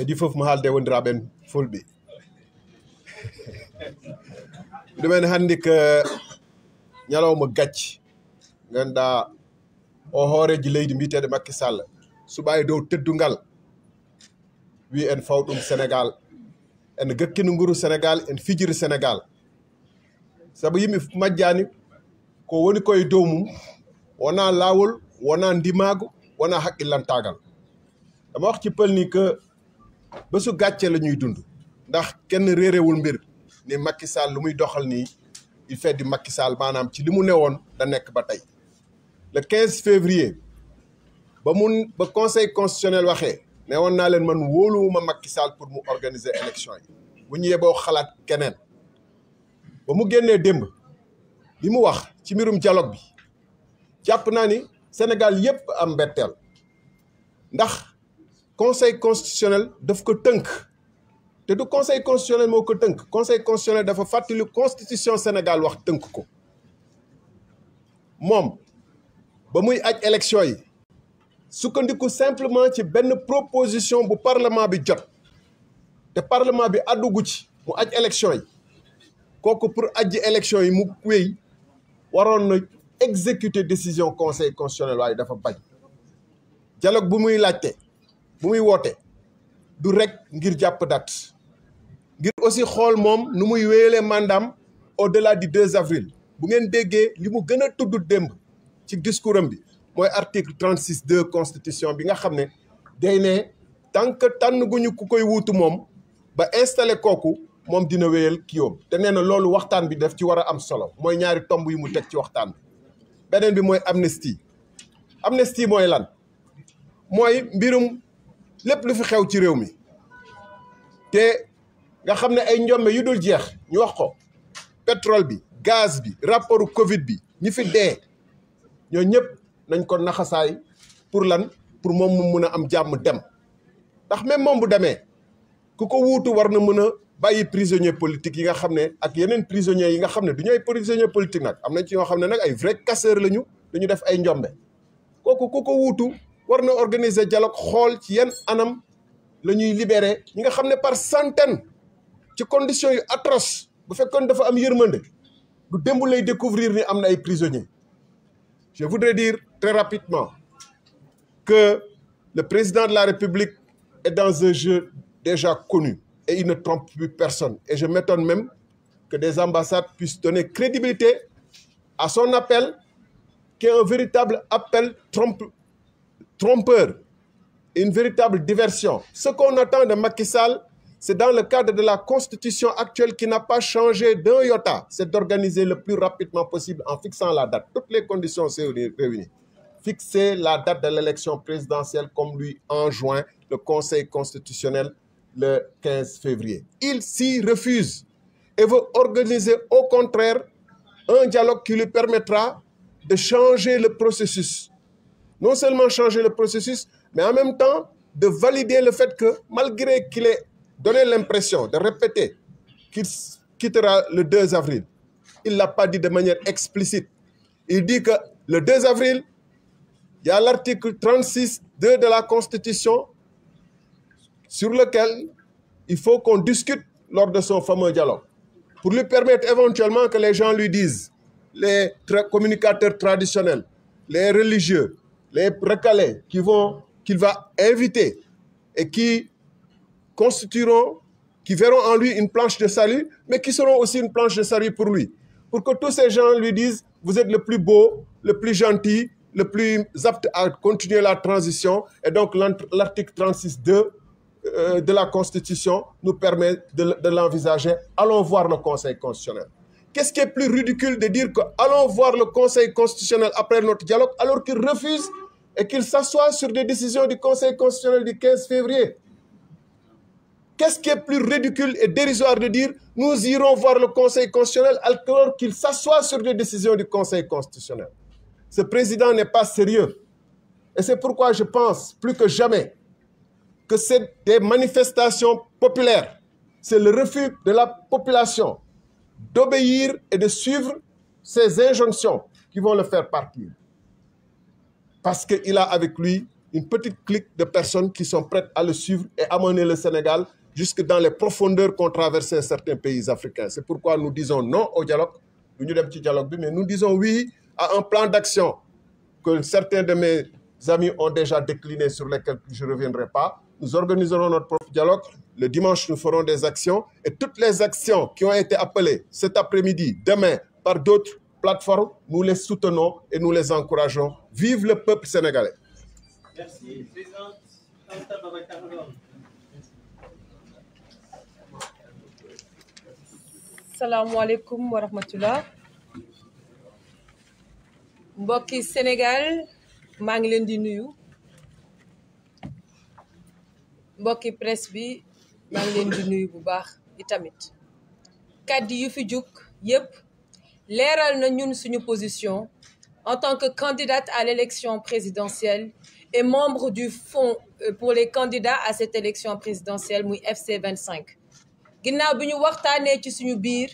edi euh, fof mo haalde wondiraɓen fulɓe ɗumen hanndi ko euh, ñalawma gacci ganduɗa o hooreji leydi mbiteɗo makky sall suɓa e dow teddungal wi en faw ɗum sénégal en gakkino nguru sénégal en fijiri sénégal saabu yimɓe majjani ko woni koye wona laawol wona ndimaago wona haqqillantagal dama wax ci pël ba su gàccee la ñuy dund ndax kenn réerewul mbir ni Macky lu muy doxal nii il fait du Macky maanaam ci li mu newoon da nekk ba tey le 15 février ba mun ba conseil constitutionnel waxee ne woon naa leen man wóoluwuma Macky Sall pour mu organiser élection yi bu ñu yeboo xalaat keneen ba mu génnee démb li mu wax ci mbirum dialogue bi jàpp naa ni senegal yépp am mbetteel ndax conseil constitutionnel daf ko tënk te du conseil constitutionnel moo ko tënk conseil constitutionnel dafa fàttali constitution Sénégal wax tënk ko moom ba muy aj élection yi sukkandiku simplement ci benn proposition bu parlement bi jot te parlement bi àddugu ci mu aj élection yi kooku pour ajji élection yi mu wéy waroon na exécuter décision conseil constitutionnel waaye dafa bañ dialogue bu muy laajte bu muy woote du rek ngir jàpp date ngir aussi xool moom nu muy wéyalee mandaam au-delà du 2 avril bu ngeen déggee li mu gën a tudd démb ci discours am bi mooy article 36 2 constitution bi nga xam ne day ne tant que tànn guñu ku koy wuutu moom ba installé kooku moom dina wéyal kiyoom te nee na loolu waxtaan bi def ci war a am solo mooy ñaari tomb yi mu teg ci waxtaan bi beneen bi mooy amnistie amnistie mooy lan mooy mbirum lépp lu fi xew ci réew mi te nga xam ne ay njombe yu dul jeex ñu wax ko pétrole bi gaz bi rapportu Covid bi ñi fi dee ñoo ñëpp nañ ko naxasaay pour lan pour moom mu mun a am jàmm dem ndax même moom bu demee ku ko wuutu war na mën a bàyyi prisonnier politique yi nga xam ne ak yeneen prisonniers yi nga xam ne du ñu ay prisonnier nag am nañ ci ñoo xam ne nag ay vrai casseur lañu dañu def ay njombe kooku ku ko wuutu war na organiser dialogue xool ci yan anam la ñuy libérer ñi nga xam ne par centaine ci conditions yu atroce bu fekkoon dafa am yërmande du démb lay découvrir ni am na ay prisonniers je voudrais dire très rapidement que le président de la République est dans un jeu déjà connu et il ne trompe plus personne et je m'étonne même que des ambassades puissent donner crédibilité à son appel qui est un véritable appel trompeur, une véritable diversion. Ce qu'on attend de Macky Sall, c'est dans le cadre de la constitution actuelle qui n'a pas changé d'un iota, c'est d'organiser le plus rapidement possible en fixant la date. Toutes les conditions sont réunies. Fixer la date de l'élection présidentielle comme lui enjoint le Conseil constitutionnel le 15 février. Il s'y refuse et veut organiser au contraire un dialogue qui lui permettra de changer le processus non seulement changer le processus, mais même temps de valider le fait que malgré qu'il ait donné l'impression de répéter qu'il quittera le 2 avril, il l'a pas de manière explicite. Il dit que le 2 avril, il y a l'article 36.2 de la Constitution sur lequel il faut qu'on discute lors son fameux dialogue pour lui permettre éventuellement que les gens lui disent, les tra communicateurs traditionnels, les religieux, les recalés qui vont, qu'il va inviter et qui constitueront, qui verront en lui une planche de salut, mais qui seront aussi une planche de salut pour lui. Pour que tous ces gens lui disent, vous êtes le plus beau, le plus gentil, le plus apte à continuer la transition. Et donc l'article 36.2 euh, de la Constitution nous permet de, de l'envisager. Allons voir le Conseil constitutionnel. Qu'est-ce qui est plus ridicule de dire que allons voir le Conseil constitutionnel après notre dialogue alors qu'il refuse et qu'il s'assoit sur des décisions du Conseil constitutionnel du 15 février Qu'est-ce qui est plus ridicule et dérisoire de dire nous irons voir le Conseil constitutionnel alors qu'il s'assoit sur des décisions du Conseil constitutionnel Ce président n'est pas sérieux. Et c'est pourquoi je pense plus que jamais que c'est des manifestations populaires. C'est le refus de la population d'obéir et de suivre ces injonctions qui vont le faire partir. Parce qu'il a avec lui une petite clique de personnes qui sont prêtes à le suivre et à mener le Sénégal jusque dans les profondeurs qu'ont traversé certains pays africains. C'est pourquoi nous disons non au dialogue, dialogue, mais nous disons oui à un plan d'action que certains de mes amis ont déjà décliné sur lesquels je ne reviendrai pas. Nous organiserons notre propre dialogue Le dimanche, nous ferons des actions et toutes les actions qui ont été appelées cet après-midi, demain, par d'autres plateformes, nous les soutenons et nous les encourageons. Vive le peuple sénégalais. Merci. Sénégal maa ngi leen di nuyu mbokki presse bi maa nuyu bu baax i tamit kàddu yu fi jug yépp leeral na ñun suñu position en tant que candidate à l'élection présidentielle et membre du fonds euh, pour les candidats à cette élection présidentielle muy FC 25 ginnaaw bi ñu waxtaanee ci suñu biir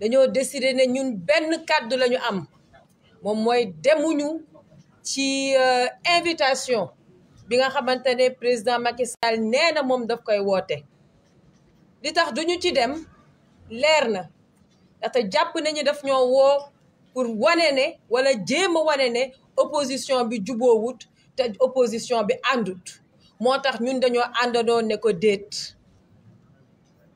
dañoo décider ne ñun benn kàdd la ñu am moom mooy demuñu ci euh, invitation bi nga xamante ne président Macky Sall nee na moom daf koy woote li tax duñu ci dem leer na ndaxte jàpp nañu daf ñoo woo pour wane ne wala jéem a wane ne opposition bi juboowut te opposition bi àndut moo tax ñun dañoo àndandoo ne ko déet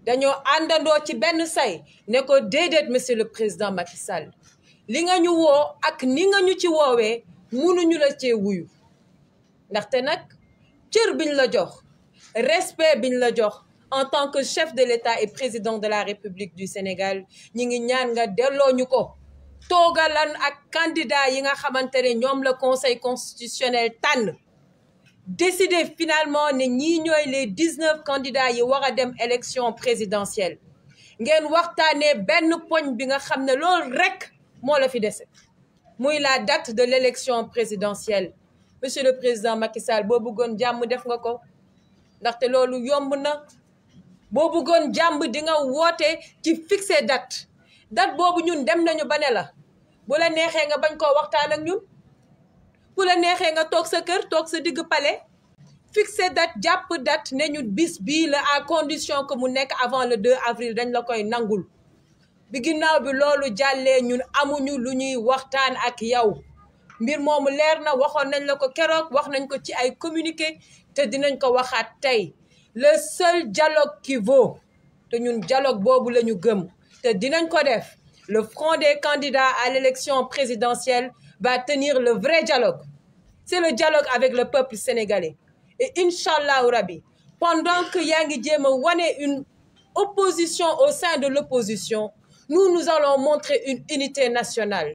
dañoo àndandoo ci benn say nekko ko déedéet monsieur le président Macky li nga ñu woo ak ni nga ñu ci woowee mënuñu la cee wuyu ndaxte nag cër biñ la jox respect biñ la jox en tant que chef de l'État et président de la République du Sénégal ñi ngi ñaan nga delloo ñu ko toogalan ak candidat yi nga xamante ne ñoom la conseil constitutionnel tànn décider finalement ne ñi ñooy les dix-neuf candidats yi war a dem élection présidentielle ngeen waxtaanee benn poñ bi nga xam ne loolu rek moo la fi dese muy la date de l'élection présidentielle monsieur le président Macky Sall boo bëggoon jàmm def nga ko ndaxte loolu yomb na boo bëggoon jàmm di nga woote ci fixé dat date boobu ñun dem nañu ba ne la bu la neexee nga bañ koo waxtaan ak ñun bu la neexee nga toog sa kër toog sa digg pale fixé date jàpp date ne ñu bis bii la à condition que mu nekk avant le 2 avril dañ la koy nangul bi ginnaaw bi loolu jàllee ñun amuñu lu ñuy waxtaan ak yow mbir moomu leer na waxoon nañ la ko keroog wax nañ ko ci ay communiqué te dinañ ko waxaat tey le seul dialogue qui vaut te ñun dialogue boobu la ñu gëm te dinañ ko def le front des candidats à l'élection présidentielle va tenir le vrai dialogue c'est le dialogue avec le peuple sénégalais et incha allahu rabi pendant que yaa ngi jéem a wane une opposition au sein de l'opposition nous nous allons montrer une unité nationale